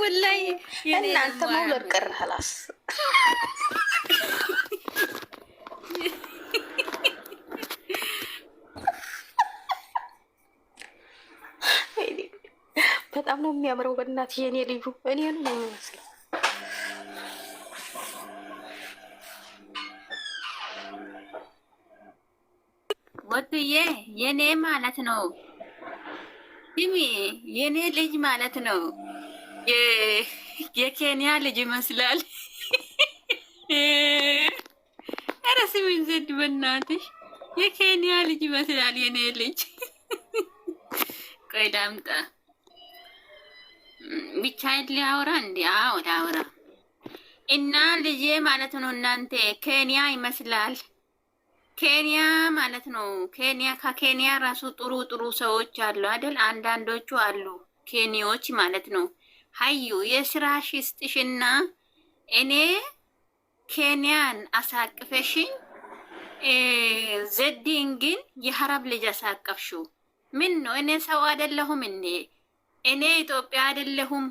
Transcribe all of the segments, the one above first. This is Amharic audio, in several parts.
ወላይ እናንተ መውለድ ቀረ ኸላስ በጣም ነው የሚያምረው። በእናት የኔ ልዩ እኔ ነው የሚመስለው። ወዱዬ የኔ ማለት ነው። ይሚ የኔ ልጅ ማለት ነው። የኬንያ ልጅ ይመስላል። ኧረ ስሚን ዘድ በእናትሽ የኬንያ ልጅ ይመስላል። የኔ ልጅ ቆይ ላምጣ። ብቻዬን ሊያወራ እንዲ ወደ አውራ እና ልጄ ማለት ነው እናንተ ኬንያ ይመስላል። ኬንያ ማለት ነው። ኬንያ ከኬንያ ራሱ ጥሩ ጥሩ ሰዎች አሉ አይደል? አንዳንዶቹ አሉ ኬንያዎች ማለት ነው። ሀዩ የስራሽ ይስጥሽና እኔ ኬንያን አሳቅፈሽኝ ዘዲን ግን የሀረብ ልጅ አሳቀፍሽው። ምን ነው እኔ ሰው አይደለሁም? እኔ እኔ ኢትዮጵያ አይደለሁም?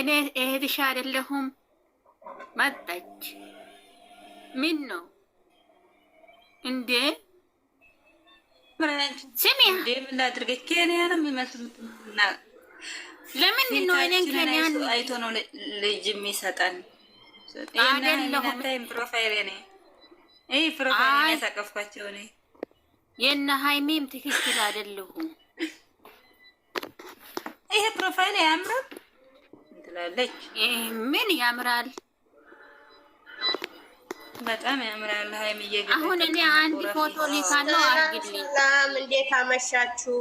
እኔ እህትሽ አይደለሁም? መጣች። ምን ነው እንዴ? ስሚ ኬንያ ነው የሚመስሉት ለምን ነው እኔን ከኛን አይቶ ነው ልጅ የሚሰጠን? አይደለሁም ፕሮፋይል እኔ ፕሮፋይል ያሳቀፍኳቸው እኔ የእነ ሀይሜም ትክክል አይደለሁም። ይሄ ፕሮፋይል ያምራል ትላለች። ምን ያምራል? በጣም ያምራል ሀይሜ። አሁን እኔ አንድ ፎቶ ሊሳለው አርግልኝ። እንዴት አመሻችሁ?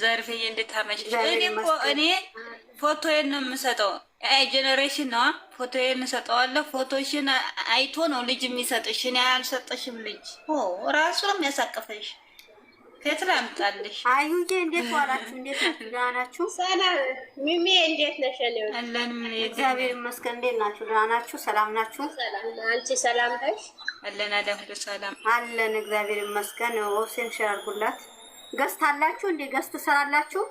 ዘርፌዬ እንድታመሽ እኔ ፎቶዬን ነው የምሰጠው። አይ ጀኔሬሽን ነዋ። ፎቶዬን እሰጠዋለሁ። ፎቶሽን አይቶ ነው ልጅ የሚሰጥሽ። እኔ አልሰጠሽም ልጅ ራሱ ነው የሚያሳቅፈሽ። ከየት ላምጣልሽ? አዩዬ እንዴት ዋላችሁ? እንዴት ናችሁ? ደህና ናችሁ? ሚሚ እንዴት ነሽ? አለን እግዚአብሔር ይመስገን። እንዴት ናችሁ? ደህና ናችሁ? ሰላም ናችሁ? አንቺ ሰላም ነሽ? አለን አለ ሁሉ ሰላም አለን። እግዚአብሔር ይመስገን። ኦብሴን ሸር አድርጉላት ገስት አላችሁ እንዴ? ገስት ትሰራላችሁ?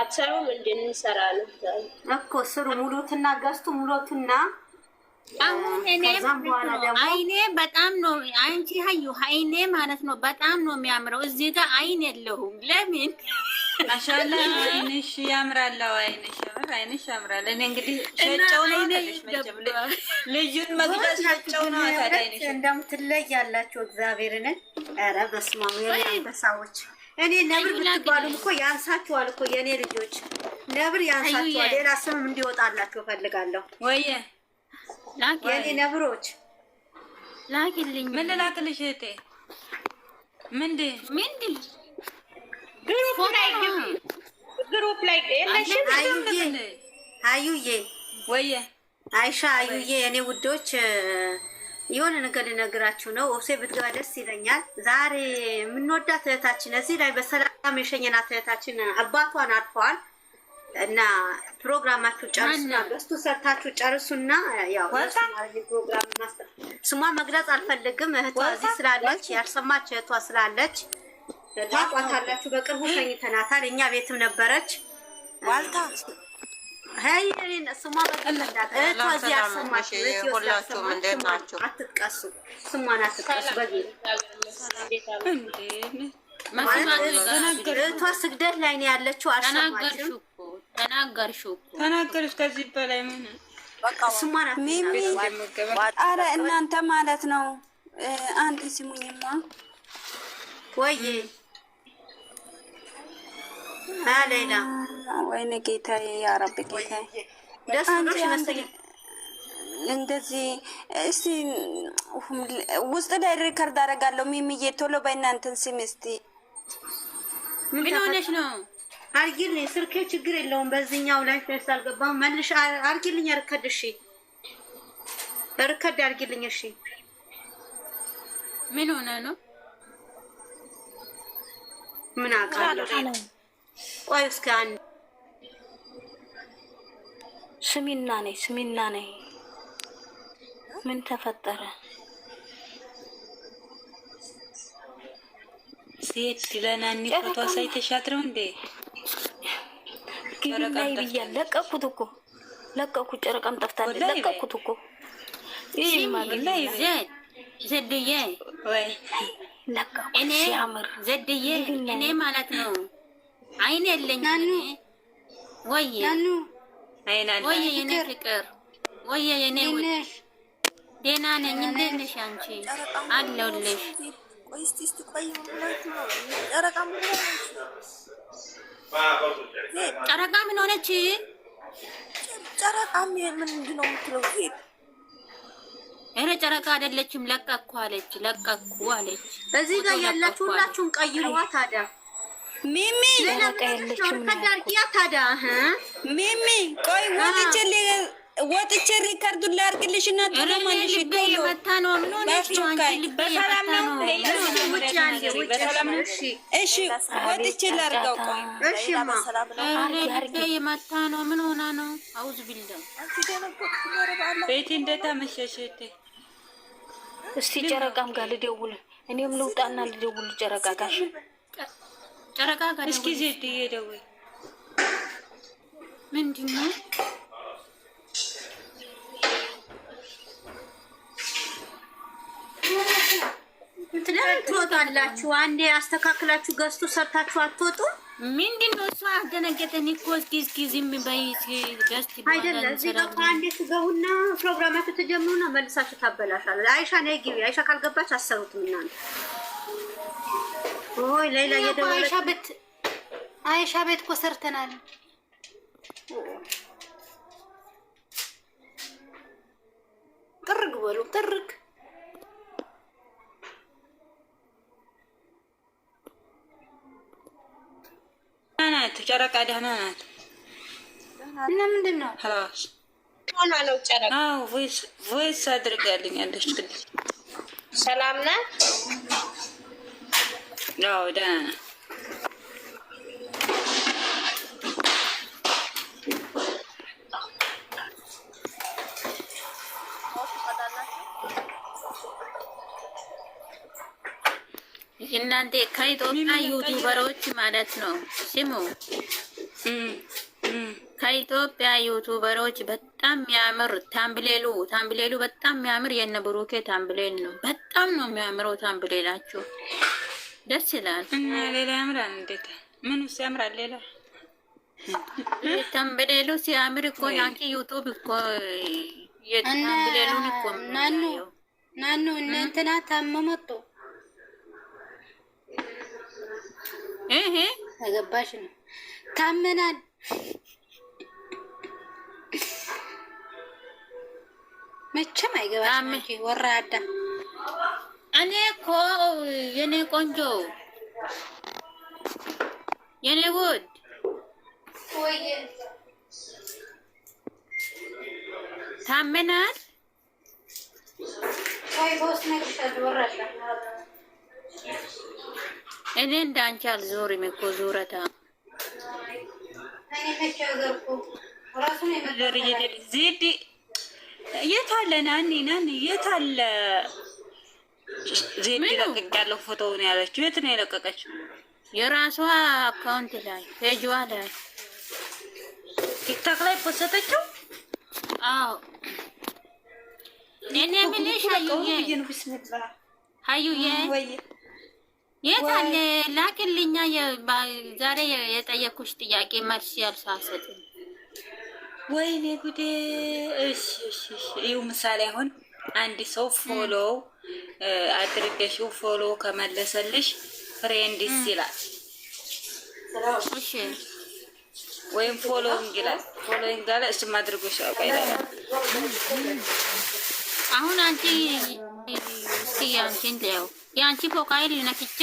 አትሰሩም? እንድንሰራ ነው እኮ ስሩ። ሙሉትና ገስቱ ሙሉትና አሁን እኔ አይኔ በጣም ነው አንቺ ሀዩ አይኔ ማለት ነው በጣም ነው የሚያምረው። እዚህ ጋር አይን የለሁም ለምን ማሻላ አይንሽ ያምራል። አይንሽ ያምራል። አይንሽ ያምራል። እኔ እንግዲህ ሸጨው ነው ልጁን መግዛት ሸጨው ነው። ታዲያ እንደምትለይ ያላችሁ እግዚአብሔርን ኧረ በስመ አብ አንበሳዎች። እኔ ነብር ብትባሉም እኮ ያንሳችኋል እኮ የእኔ ልጆች ነብር ያንሳችኋል። ሌላ ስምም እንዲወጣላችሁ እፈልጋለሁ። ወየ የእኔ ነብሮች ላኪልኝ። ምን ልላክልሽ እህቴ? ምንድን ምንድን ግሩፕ ላይ አዩዬ ወይ አይሻ አዩዬ የኔ ውዶች የሆነ ነገር ልነግራችሁ ነው። ኦብሴ ብትገባ ደስ ይለኛል። ዛሬ የምንወዳት እህታችን እዚህ ላይ በሰላም የሸኘናት እህታችን አባቷን አርፈዋል እና ፕሮግራማችሁ ጨርሱና በስቱ ሰርታችሁ ጨርሱና ያው ስሟ መግለጽ አልፈልግም። እህቷ እዚህ ስላለች ያልሰማች እህቷ ስላለች ታቋታላችሁ። በቅርቡ ሸኝተናታል። እኛ ቤትም ነበረች ዋልታ እህቷ ስግደት ላይ ነው ያለችው። አልሰማችም። ተናገርሽ። ከዚህ በላይ ምን ስሟን ኧረ እናንተ ማለት ነው። አንድ ስሙኝማ ወይ ሌላ ወይኔ ጌታዬ፣ የአረብ ጌታዬ ደስ ብሎሽ ይመስለኛል። እንደዚህ እስቲ ውስጥ ላይ ሪከርድ አደርጋለሁ። ሚሚዬ ቶሎ በእናንተን ስም እስቲ ምን ሆነሽ ነው? አርጊልኝ፣ ስልኬ ችግር የለውም በዚህኛው ላይ ፌስ አልገባም። መልሽ አርጊልኝ፣ ርከድ። እሺ ርከድ አርጊልኝ። እሺ ምን ሆነ ነው? ምን አውቃለሁ ቆይ እስከ አንድ ስሚና ነይ ስሚና ነይ ምን ተፈጠረ? ሴት ለናኒ ፎቶ አሳይተሻት ነው እንዴ? ግቢና ይብያል። ለቀኩት እኮ ለቀኩ። ጨረቃም ጠፍታለች። ለቀኩት እኮ ዘድዬ ለቀኩት። ሲያምር ዘድዬ እኔ ማለት ነው አይን የለኝ ወይ ወይ የኔ ፍቅር ወይ የኔ ወይ ደህና ነኝ። እንዴት ነሽ አንቺ? አለሁልሽ። ጨረቃ ምን ሆነች? ጨረቃ ምንድን ነው የምትለው? ኧረ ጨረቃ አይደለችም። ለቀኩ አለች። ለቀኩ አለች። እዚህ ጋር ያላችሁ ሁላችሁም ቀይሯ ታዲያ ሚሚ ሚሚ ቆይ ወጥቼ ወጥቼ ሪከርዱን ላድርግልሽ እና ተለማልሽ ዶሎ በሰላም ነው። እሺ ወጥቼ ላድርገው። ቆይ የመታ ነው። ምን ሆና ነው? አውዝ ቢልዳ ቤቲ እንዴት አመሸሽ? እስቲ ጨረቃም ጋር ልደውል። እኔም ልውጣና ልደውል ጨረቃ ጋር ጨረቃ ጋር እስኪ ዜድ እየደወይ ምንድን ነው ለምን ትወጣላችሁ? አንዴ አስተካክላችሁ ገዝቶ ሰርታችሁ አትወጡ። ምንድን ነው እሷ አደነገጠኝ እኮ እስኪ ዝም በይ አይደለ? እዚህ በቃ አንዴ ትገቡና ፕሮግራማችሁ ተጀምሩና መልሳችሁ ታበላሻለ። አይሻ ነይ ግቢ። አይሻ ካልገባች አሰሩትም እናንተ ወይ ሌላ የደወለች አይሻ ቤት እኮ ሰርተናል። ጥርግ በሉ ጥርግ ናት። ጨረቃ ደህና ናት እና ምንድን ነው ቮይስ አድርጋልኛለች። ሰላም ናት። ደህና ነህ? እናንተ ከኢትዮጵያ ዩቱበሮች ማለት ነው። ስሙ ከኢትዮጵያ ዩቱበሮች በጣም የሚያምር ታምብሌሉ ታምብሌሉ በጣም የሚያምር የነ ብሩኬ ታምብሌል ነው። በጣም ነው የሚያምረው ታምብሌላችሁ። ደስ ይላል እና ሌላ ያምራል። እንዴት ምን ውስጥ ያምራል? ሌላ ተንበሌሉ ሲያምር እኮ ያንቺ ዩቱብ እኮ የተንበሌሉን እኮ ናኑ ናኑ እነ ታመመጡ ይሄ ተገባሽ ነው ታመናል። መቼም አይገባሽ ወራዳ እኔ እኮ የኔ ቆንጆ የኔ ውድ ታመናል። እኔ እንዳንቺ አልዞርም እኮ ዞረታ የት አለ ናኒ ናኒ የት ዜድ ለቅቅ ያለው ፎቶውን ያለችው የት ነው የለቀቀችው? የራሷ አካውንት ላይ ፔጅዋ ላይ ቲክታክ ላይ ፖሰተችው። አዎ እኔ የት አለ ላክልኛ። ዛሬ የጠየኩሽ ጥያቄ መልስ ያልሳሰጥም። ወይኔ ጉዴ! እሺ እሺ፣ ይኸው ምሳሌ አሁን አንድ ሰው ፎሎው አድርገሽው ፎሎ ከመለሰልሽ ፍሬንድስ ይላል። እሺ ወይም ፎሎዊንግ ይላል። ፎሎዊንግ አለ እሱም አድርጎሽ አውቃ ይላል። አሁን አንቺ እስኪ አንቺን ልየው የአንቺ ፕሮፋይል ነክቼ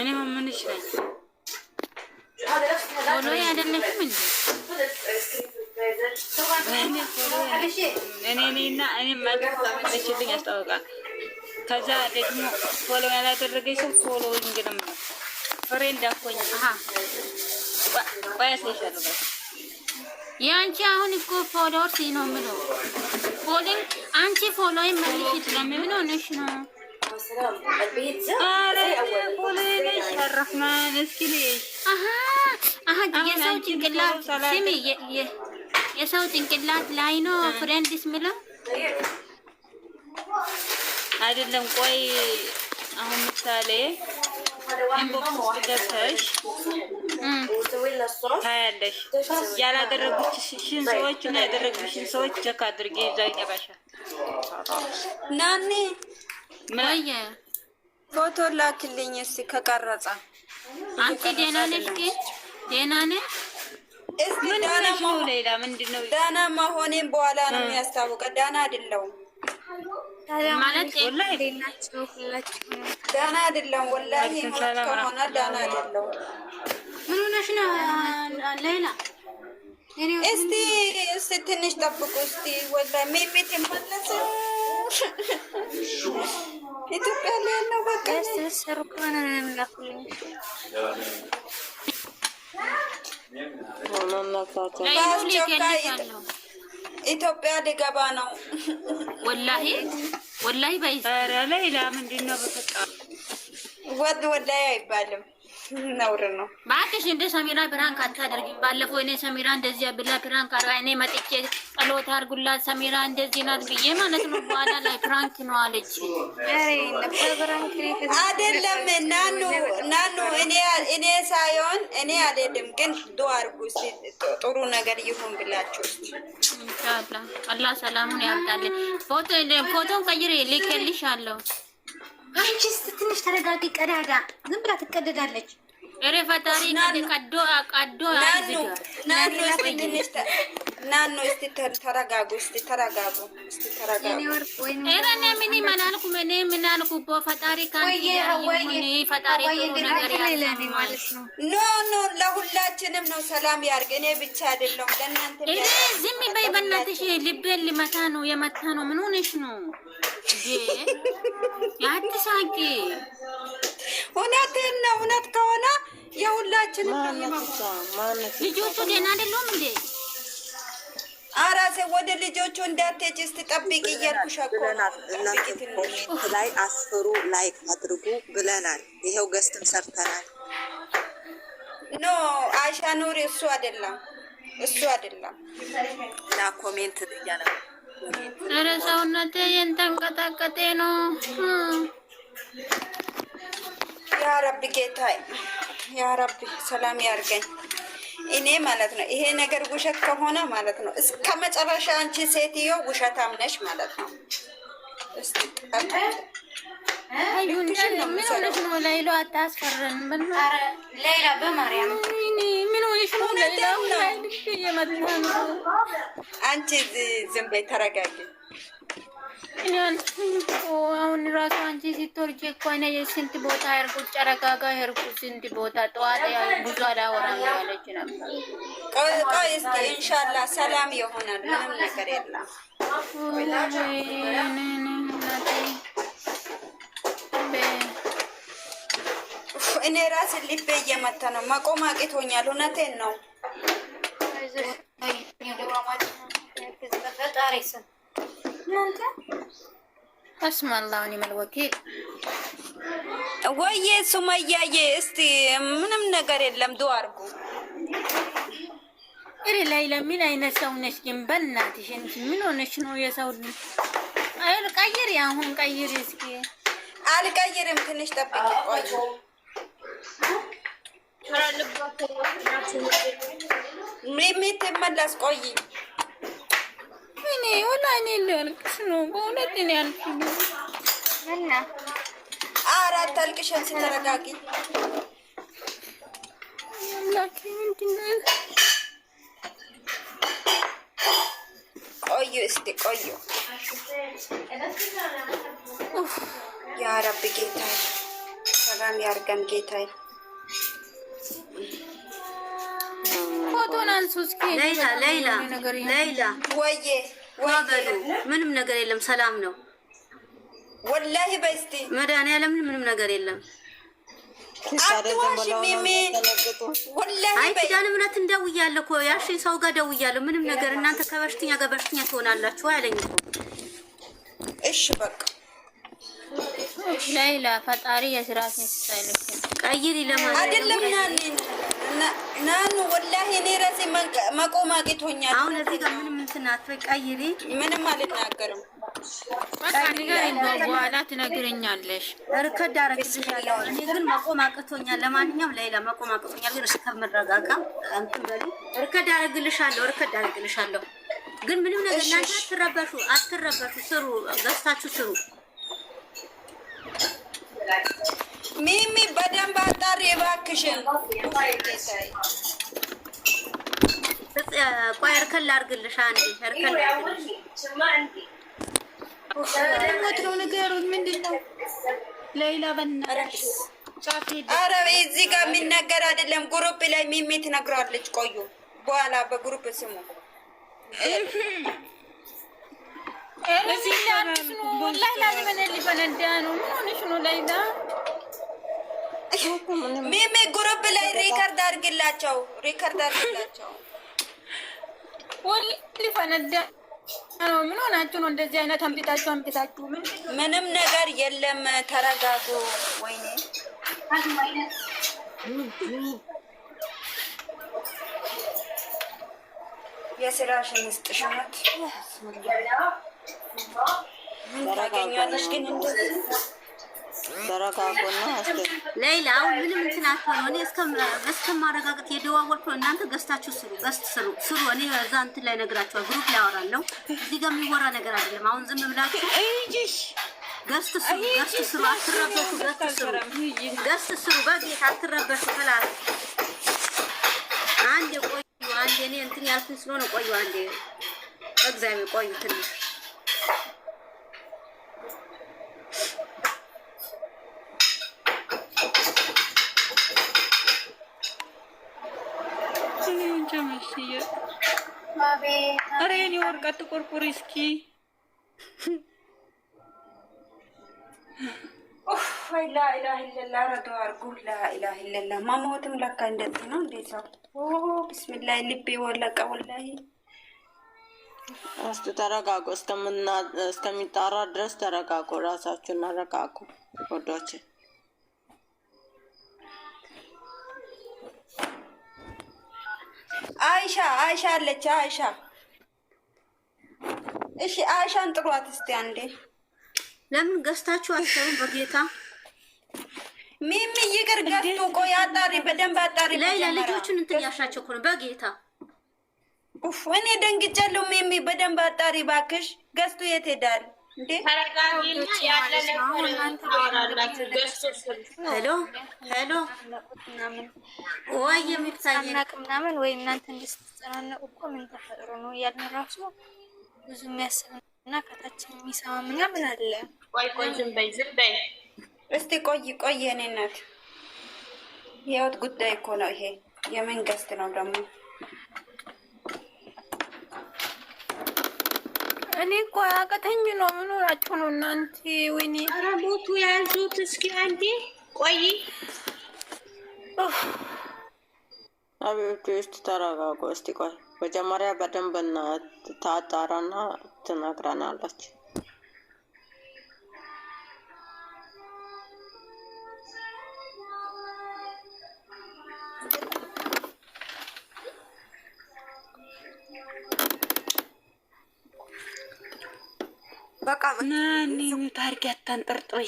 እኔ ምንሽ ነኝ ፎሎ አይደለሽም እንዴ? እኔና እኔ ማቀፍ ተመለችልኝ ከዛ ደግሞ ፎሎ ያላደረገኝ ሰው ፎሎ እንግዲህ ፍሬንድ አኮኝ የአንቺ አሁን እኮ ፎሎወርስ ነው የምለው ፎሎን አንቺ ፎሎ መልሽት ለምን ሆነሽ ነው? ኧረ ፎሎ የሰው ጭንቅላት ላይ ነው ፍሬንድስ ምለው አይደለም። ቆይ አሁን ምሳሌ ኢንቦክስ ገብተሽ ታያለሽ። ያላደረጉሽን ሰዎች እና ያደረጉሽን ሰዎች ቸክ አድርጌ ይዛ ይገባሻል። ናኒ ምናየ ፎቶ ላክልኝ እስኪ ከቀረጻ አንቺ ደህና ነሽ? ደህና ነሽ? ዳና መሆኔን በኋላ ነው የሚያስታውቀ። ዳና አይደለሁም ዳና አይደለሁም፣ ወላሂ ከሆነ ዳና አይደለሁም። ምን ሆነሽ ነው ሌላ? እስቲ ትንሽ ጠብቁ እስቲ ወላሂ ሜሜት የማለሰ ኢትዮጵያ ላይ ያለው በቃ ኢትዮጵያ ሊገባ ነው ወላሂ ወላሂ። በይ ኧረ ለይላ ምንድን ነው ወድ ወላሂ አይባልም። ነውር ነው። እባክሽ እንደ ሰሚራ ፕራንክ አታደርጊም። ባለፈው እኔ ሰሚራ እንደዚህ ብላ ፕራንክ አድርጋ እኔ መጥቼ ጸሎት አድርጉላት ሰሚራ እንደዚህ ናት ብዬ ማለት ነው። በኋላ ላይ ፕራንክ ነው አለች። አይደለም ናኑ ናኑ እኔ ሳይሆን እኔ አልሄድም፣ ግን ዱአ አድርጉ ጥሩ ነገር ይሁን ብላችሁ ኢንሻአላህ። አላህ ሰላሙን ያምጣልን። ፎቶ ፎቶን ቀይሬ ልኬልሻለሁ። አንቺ እስኪ ትንሽ ተረጋጊ። ቀዳዳ ዝም ብላ ትቀደዳለች። ኧረ ፈጣሪ ቀዶ ቀዶ ናኖ እስኪ ተረጋጉ፣ እስኪ ተረጋጉ፣ እስኪ ተረጋጉ። ኧረ እኔ ምንም አላልኩም። እኔ ምን አልኩ? ቦ ፈጣሪ ኖ ኖ፣ ለሁላችንም ነው ሰላም ያርግ። እኔ ብቻ አይደለሁም ለእናንተ። ዝም በይ በእናትሽ፣ ልቤን ልመታ ነው የመታ ነው። ምን ሆነሽ ነው? አትሳቂ። እውነትህን ነው። እውነት ከሆነ የሁላችንም ነው። ልጆቹ ደህና አይደሉም እንዴ? አራሴ ወደ ልጆቹ እንዳትሄጂ እስቲ እያልኩሽ እኮ እናንተ ኮሜንት ላይ አስፍሩ፣ ላይክ አድርጉ ብለናል። ይኸው ገዝትም ሰርተናል። ኖ አይሻ ኑሪ፣ እሱ አይደለም፣ እሱ አይደለም እና ኮሜንት እያነበ ኧረ ሰውነቴ እየተንቀጠቀጠ ነው። ያ ረቢ ጌታ ያ ረቢ ሰላም ያርገኝ። እኔ ማለት ነው ይሄ ነገር ውሸት ከሆነ ማለት ነው እስከ መጨረሻ አንቺ ሴትዮ ውሸታም ነሽ ማለት ነው። ምን ሆነሽ አንቺ ዝም በይ ተረጋጊ። አሁን ራሱ አንቺ ስትወርጂ እኮ እኔ ስንት ቦታ ያርጉት ጨረጋ ጋር ያርጉት ስንት ቦታ ጠዋት ብዙ አላወራም ያለች ነበር። ቆይ እስኪ ኢንሻላህ ሰላም ይሆናል። ምንም ነገር የለም። ናትኝ እኔ ራሴ ልቤ እየመታ ነው። መቆም አቅቶኛል። እውነቴን ነው። አስማላውን ይመልወኪል ወይዬ ሱመያዬ፣ እስቲ ምንም ነገር የለም። ዱ አርጉ እሪ ላይ ለምን አይነት ሰው ነሽ ግን? በእናትሽ ምን ሆነሽ ነው የሰው ቀይሪ፣ አሁን ቀይሪ እስኪ። አልቀይርም፣ ትንሽ ጠብቂ። ቆይ የምትመለስ ቆይ። እኔ ወላሂ ልልቅስ ነው በእውነት እኔ አልኩኝ። እና አራት አልቅሽን ስትረጋጊ ቆዩ እስኪ ቆዩ ያ ረብ ጌታይ ሰላም ያርገን ጌታይ። ፎቶን አንሱ እስኪ ሌላ ሌላ ሌላ ወዬ ዋበሉ ምንም ነገር የለም ሰላም ነው። ወላሂ በስቲ መድኃኒዓለም ምንም ነገር የለም። አይ ኪዳነ ምሕረት እንደውያለሁ እኮ ያልሽኝ ሰው ጋር ደውያለሁ። ምንም ነገር እናንተ ከበሽተኛ ጋር በሽተኛ ትሆናላችሁ አለኝ እኮ እሺ በቃ ላይላ ፈጣሪ የስራት ስታይልክ ቀይሪ ለማለት አይደለም። ናኑ ወላሂ እኔ ራሴ መቆም አቅቶኛል። አሁን እዚህ ጋር ምንም እንትን አትበይ፣ ቀይሪ። ምንም አልናገርም። በኋላ ትነግረኛለሽ። እርከድ አደረግልሻለሁ። እኔ ግን መቆም አቅቶኛል። ለማንኛውም ላይላ መቆም አቅቶኛል፣ ግን እስከምረጋጋ በሉ። እርከድ አደረግልሻለሁ፣ እርከድ አደረግልሻለሁ ግን ምንም ነገር እናንተ አትረበሹ፣ አትረበሹ፣ ስሩ፣ ገዝታችሁ ስሩ። ሚሚ በደንብ አጣሪ እባክሽን። ቆይ እርከል አድርግልሽ፣ አንዴ እርከል አድርግልሽ። ነው ምንድን ነው ሌላ በእናትሽ ኧረ እዚህ ጋር የሚነገር አይደለም። ጉሩፕ ላይ ሚሚ ትነግረዋለች። ቆዩ በኋላ በግሩፕ ስሙ ሚሚ ጉሩብ ላይ ሪከርድ አድርግላቸው፣ ሪከርድ አድርግላቸው። ሊፈነዳ ምን ሆናችሁ ነው እንደዚህ አይነት አንቢታችሁ አንቢታችሁ? ምንም ነገር የለም። ተረጋጉ። ወይኔ ሌላ አሁን ምንም እንትን አትሆን። እኔ እስከማረጋገጥ የደዋወልኩ እናንተ ገዝታችሁ ስሩ፣ ገዝት ስሩ ስሩ። እኔ እዛ እንትን ላይ ነግራችኋል፣ ግሩፕ ላይ አወራለሁ። እዚህ ጋር የሚወራ ነገር አይደለም። አሁን ዝም ብላችሁ ገዝት ስሩ፣ ገዝት ስሩ፣ አትረበሹ። ገዝት ስሩ፣ ገዝት ስሩ። በጌታ አትረበሹ። እኔ እንትን ያልኩኝ ስለሆነ ቆዩ አንዴ፣ እግዚአብሔር ቆዩ ትንሽ ኧረ የእኔ ወርቀት ቁርቁሪ እስኪ ላኢላሀ ኢለላህ ረዶ አድርጉ። ላኢላሀ ኢለላህ ማሞትም ለካ እንደዚህ ነው እንዴት ነው? ብስሚላይ ልቤ ወለቀ። ወላሂ እስኪ ተረጋጉ፣ እስከሚጣራ ድረስ ተረጋጉ። እራሳችሁን አረጋጉ ወዶች። አይሻ አይሻ አለች። አይሻ እሺ፣ አይሻን ጥሯት እስኪ አንዴ። ለምን ገዝታችሁ አሰሩ በጌታ ሚሚ ይቅር ገብቶ ቆይ አጣሪ፣ በደንብ አጣሪ። ላይ ለልጆቹን እንትን ያሻቸው እኮ ነው በጌታ ኡፍ፣ እኔ ደንግጫለሁ። ሚሚ በደንብ አጣሪ ባክሽ። ገዝቶ የት ሄዳል እንዴ? ሄሎ ሄሎ፣ ወይ የሚታየ ናቅ ምናምን ወይ እናንተ እንድትጨናነቁ እኮ ምን ተፈጥሮ ነው እያልን ራሱ ብዙ የሚያስብ እና ከታችን የሚሰማ ምናምን አለ። ቆይ ቆይ፣ ዝም በይ ዝም በይ እስቲ ቆይ ቆይ፣ የኔ እናት የህይወት ጉዳይ እኮ ነው ይሄ። የመንግስት ነው ደግሞ። እኔ እኮ አቀተኝ ነው። ምን ሆናችሁ ነው እናንተ? ወይኔ አረቦቱ ያዙት። እስኪ አንዴ ቆይ። አብዮቹ ውስጥ ተረጋጉ። እስቲ ቆይ መጀመሪያ በደንብ ታጣራና ትነግረናለች። በቃ ናኒ ታሪክ ያታንጠርጥሪ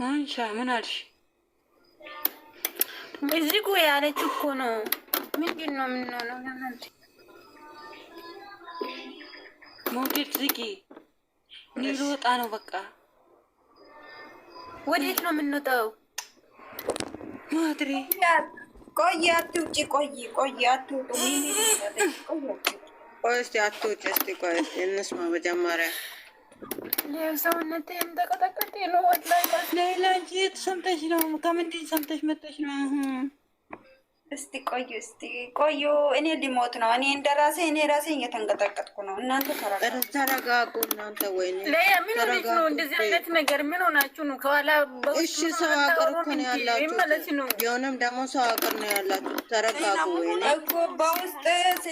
ማንሻ ምን አልሽ? እዚህ ጉ ያለች እኮ ነው። ምንድን ነው የምንሆነው? ለናንተ ሞቴል ዝጊ ሊወጣ ነው። በቃ ወዴት ነው የምንወጣው? ማድሬ ቆይ አትውጪ፣ ቆይ ቆይ አትውጡ። ቆይ እስኪ አትውጪ፣ እስኪ ቆይ እንስማ መጀመሪያ ሰውነቴ ተቀጠቀጤ ነው። ወላሂ ሌላ እንጂ የት ሰምተሽ ነው? ከምንድን ሰምተሽ መጥተሽ ነው? እስቲ ቆዩ፣ እስቲ ቆዩ። እኔ ሊሞት ነው። እኔ እንደ ራሴ እኔ ራሴ እየተንቀጠቀጥኩ ነው። እናንተ ተረጋጉ። እናንተ ወይ ምን ሆነች ነው እንደዚህ አይነት ነገር? ምን ሆናችሁ ነው? ከኋላ እሺ፣ ሰው አገር እኮ ነው ያላችሁ። የሆነም ደግሞ ሰው አገር ነው ያላችሁ። ተረጋጉ እኮ በውስጥ